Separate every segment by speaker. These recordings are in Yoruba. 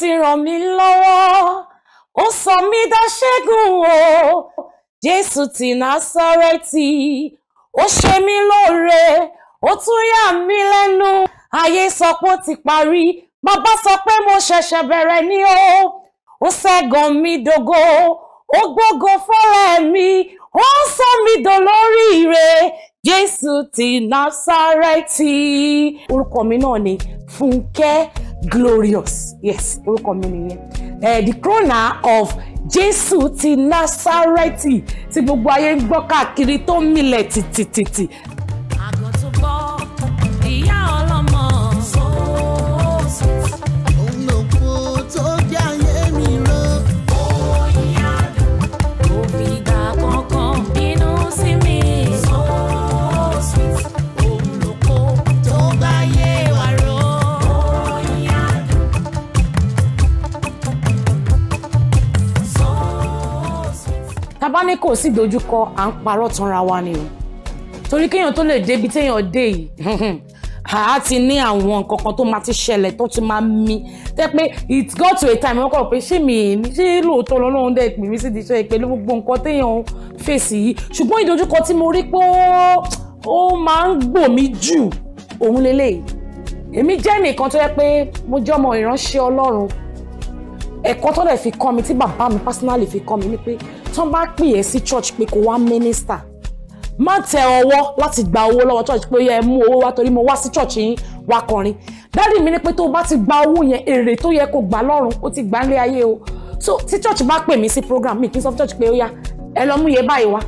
Speaker 1: ti ràn mí lọ́wọ́ ó sọ mí dáṣẹ́gun o Jésù ti Násárẹ́tì ó ṣe mí lóore ó tún yà mí lẹ́nu ayé sọ pé ó ti parí bàbá sọ pé mo ṣẹ̀ṣẹ̀ bẹ̀rẹ̀ ni o ó ṣẹ́gun mi dògo ó gbógo fọ́ra mi ó sọ mí dolórí ire Jésù ti Násárẹ́tì orúkọ mi náà ni Fúnkẹ́ glorious yes orúkọ mi nìyẹn eh, the crowner of Jésù ti Násárẹ́tì tí gbogbo ayé ń gbọ́ káàkiri tó ń milẹ̀ tìtìtìtì tábá ní kò sí ìdojúkọ à ń parọ́ tanra wa ni o torí kéèyàn tó lè débi téèyàn dé yìí àá ti ní àwọn nǹkan kan tó máa ti ṣẹlẹ̀ tó ti máa mi tẹ́ pé it got to a time wọ́n kọ̀ pé ṣé mi ní ṣé lóòótọ́ lọ́lọ́run dẹ́ pè mí sí ti ṣe ìpele gbogbo nǹkan téèyàn ń fèsì yìí ṣùgbọ́n ìdojúkọ tí mo rí pé ó máa ń gbò mí jù òun lélẹ́yìí èmi jẹ́ nìkan tó yẹ pé mo jẹ́ ọmọ ìránṣẹ́ Ọlọ́run ẹ̀kọ́ tó dẹ̀ fi kọ́ mi tí bàbá mi personally fi kọ́ mi ni pé tán bá pè é sí church pé kó wá mínísítà má tẹ ọwọ́ láti gba owó lọ́wọ́ church pé ó yẹ mú owó wá torí mo wá sí church yín wá kọrin dádì mi ní pé tó o bá ti gba owó yẹn èrè tó yẹ kó gbà lọ́run ó ti gbà ń lé ayé o so tí church bá pè mí sí program mi kì í sọ fún church pé ó yá ẹ lọ mú iye báyìí wá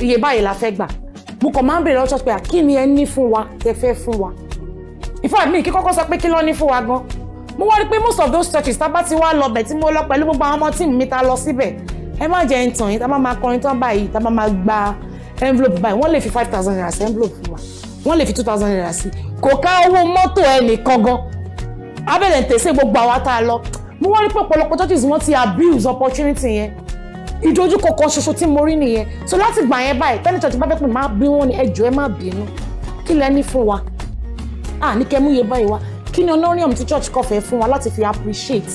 Speaker 1: iye báyìí la fẹ́ gbà mo kàn máa ń bèrè lọ́wọ́ church pé kí ni ẹ ní fún wa tẹ fẹ́ fún wa in fact mi kí kọ́kọ́ sọ pé kí ló ní fún wa gan mo wá rí pé most of those churches tá bá ti wá lọ bẹ̀ tí mo lọ pẹ̀lú gbogbo àwọn ọmọ tí mi ta lọ síbẹ̀ ẹ má jẹ́ ń tàn yín tá má máa kọrin tán báyìí tá má máa gba envelope báyìí wọ́n lè fi five thousand naira sí envelope wa wọ́n lè fi two thousand naira sí kò ká owó mọ́tò ẹnìkan gan abẹ́lẹ̀ tẹ̀sẹ̀ gbogbo àwa tá a lọ mo wá rí pé ọ̀pọ̀lọpọ̀ churches wọ́n ti abuse opportunity yẹn ìdojúkọ kan ṣoṣo tí mo rí nìyẹn so láti gbà yẹn báyìí tẹ́lẹ̀ church bá fẹ́ pè má bí wọ́n ní ẹjọ́ ẹ má bínú kí lẹ ní fún wa à ní kẹ́ mú iye báyìí wá kí ni honorarium ti church kọfẹ́ fún wa láti fi appreciate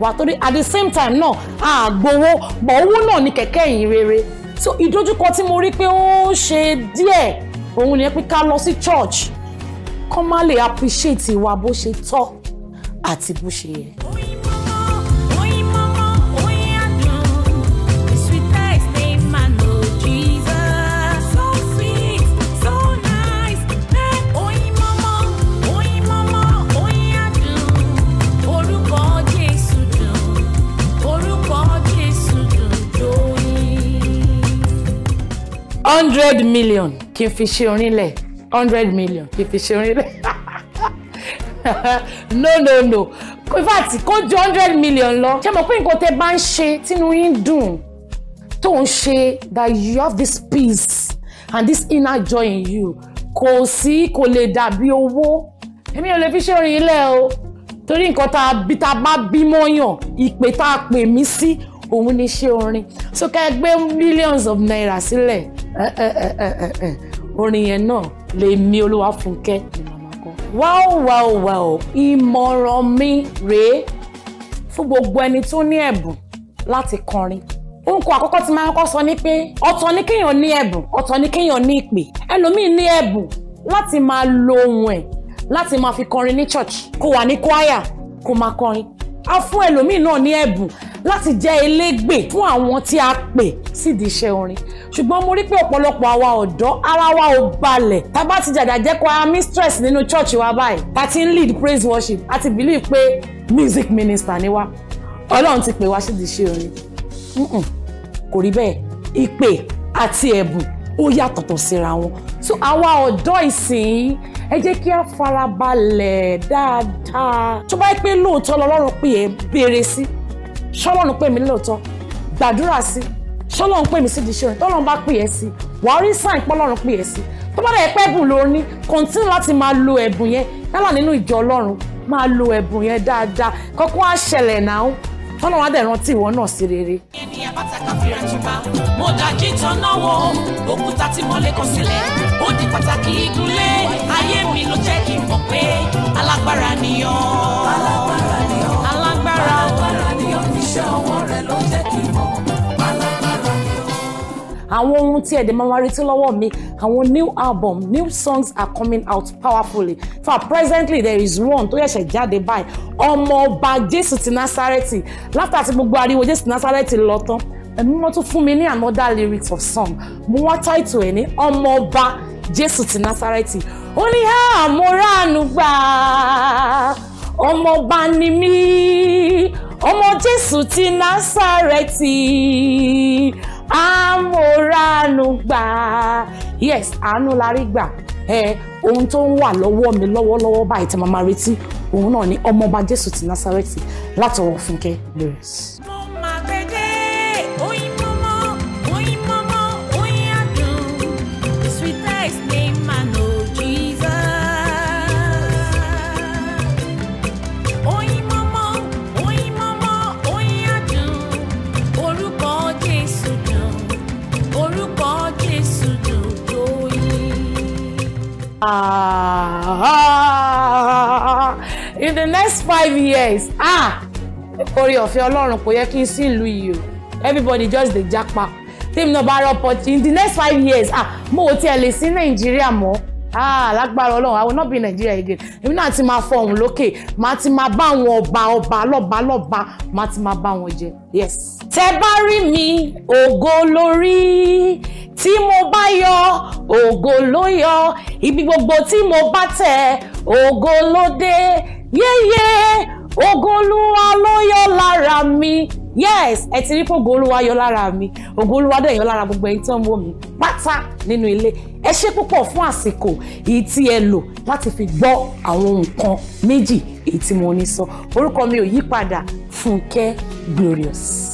Speaker 1: wà torí at the same time náà a gbowó bọ̀ owó náà ni kẹ̀kẹ́ ìyìn rere so ìdojúkọ tí mo rí pé ó ṣe díẹ̀ òun nìyẹn pé ká lọ sí church kọ́ má lè appreciate ìwà bó ṣe tọ́ àti bó ṣe yẹ. hundred million kí n fi ṣe orinlẹ̀ hundred million kí n fi ṣe orinlẹ̀ no no no in fact kó ju hundred million lọ ṣé mo pé nǹkan tẹ bá ń ṣe tínú yín dùn tó ń ṣe that you have this peace and this inner joy in you kò sí kò lè dàbí owó èmi ò lè fi ṣe orin ilé o torí nǹkan tá a bí tá a bá bímọ yàn ìpè tá a pè mí sí òun ni iṣẹ́ orin so ká gbé millions of naira sílẹ̀ orin yẹn náà lè mi Olúwafúnkẹ́ ni màmá kọ. wáò wáò wáò ìmọ̀ràn mi rèé fún gbogbo ẹni tó ní ẹ̀bùn láti kọrin nǹkan àkọ́kọ́ tí máa ń kọ́ sọ ni pé ọ̀tọ̀ ni kéèyàn ní ẹ̀bùn ọ̀tọ̀ ni kéèyàn ní ìpè ẹlòmíì ní ẹ̀bùn láti máa lo ohun ẹ̀ láti máa fi kọrin ní church kó wà ní kwaya kó máa kọrin a fún ẹlòmíì náà ní ẹ̀bùn láti jẹ́ elégbè fún àwọn tí a pè sídìí iṣẹ́ orin ṣùgbọ́n mo rí pé ọ̀pọ̀lọpọ̀ àwa ọ̀dọ́ ara wa ò balẹ̀ tá a bá ti jàdà jẹ́ choir mistress nínú church wa báyìí tá ti ń lead praise worship a ti believe pé music minister ni wa ọlọ́run ti pè wá sídìí iṣẹ́ orin kò rí bẹ́ẹ̀ ìpè àti ẹ̀bùn ó yàtọ̀tọ̀ síra wọn so àwa ọ̀dọ́ ìsìn ẹ jẹ́ kí a farabalẹ̀ dáadáa tó bá yẹ pé lóòótọ́ lọ́lọ́run pè é béèrè sí. Si ṣọ́lọ́run pè mí lóòótọ́ gbàdúrà sí ṣọ́lọ́run pè mí sí di ṣẹ́rin tọ́lọ́run bá pè é sí wàá rí sáìn pọ́lọ́run pè é sí tó bá dẹ̀ pẹ́ ẹ̀bùn ló ní kọ́ńtínú láti máa lo ẹ̀bùn yẹn yálà nínú ìjọ ọlọ́run máa lo ẹ̀bùn yẹn dáadáa kọ́kọ́ á ṣẹlẹ̀ náà tọ́lọ́run á dẹ̀ rántí ìwọ náà sí rere.
Speaker 2: ènìyàn bá takà fìrà jùlọ mo mo lè kàn sílẹ̀ ó di pàtàkì ìdúlé ayé
Speaker 1: àwọn ohun tí ẹ̀dẹ̀ máa wá retí lọ́wọ́ mi àwọn new album new songs are coming out powerfully for presently there is one tó ṣẹ̀ṣẹ̀ jáde báyìí ọmọ ọba Jésù ti Násárẹ́tì látà tí gbogbo ariwo Jésù ti Násárẹ́tì lọ tán ẹ̀mí wọn tún fún mi ní another lyrics of song mo wá táìtù ẹ̀ ní ọmọ ọba Jésù ti Násárẹ́tì ó ní àmúránù gbà ọmọọba ni mí ọmọ Jésù ti Násárẹ́tì àmọ̀ránù gbà yes àánú la rí gbà ẹ ohun tó ń wà lọ́wọ́ mi lọ́wọ́lọ́wọ́ báyìí tí màmá retí òun náà ni ọmọọba Jésù ti Násárẹ́tì látọwọ́ Fúnkẹ́ lyrics. Ah, in the next five years ah, orí ọ̀fẹ́ ọlọ́run kò yẹ kí n sí ìlú yìí o everybody just dey japa tèmi náà bá rọpò in the next five years ah, mo ò tiẹ̀ lè sí nàìjíríà mọ́ lágbára ọlọ́run àwọn náà bí nàìjíríà yìí gèrè èmi náà ti máa fọhùn lókè máa ti máa bá àwọn ọba ọba lọ́ba lọ́ba máa ti máa bá wọn jẹ yes tẹ́ bá rí mi ògo lórí tí mo bá yọ ògo ló yọ ibi gbogbo tí mo bá tẹ̀ ògo ló dé yéyé ògo olúwa ló yọ lára mi yes ẹ ti rí pé ògo olúwa yọ lára mi ògo olúwa dẹ̀ yọ lára gbogbo ẹ̀yin tó ń wò mí pátá nínú ilé ẹ ṣe púpọ̀ fún àsìkò èyí tí ẹ lò láti fi gbọ́ àwọn nǹkan méjì èyí tí mo ní sọ orúkọ mi ò yí padà Fúnkẹ́ Glorious.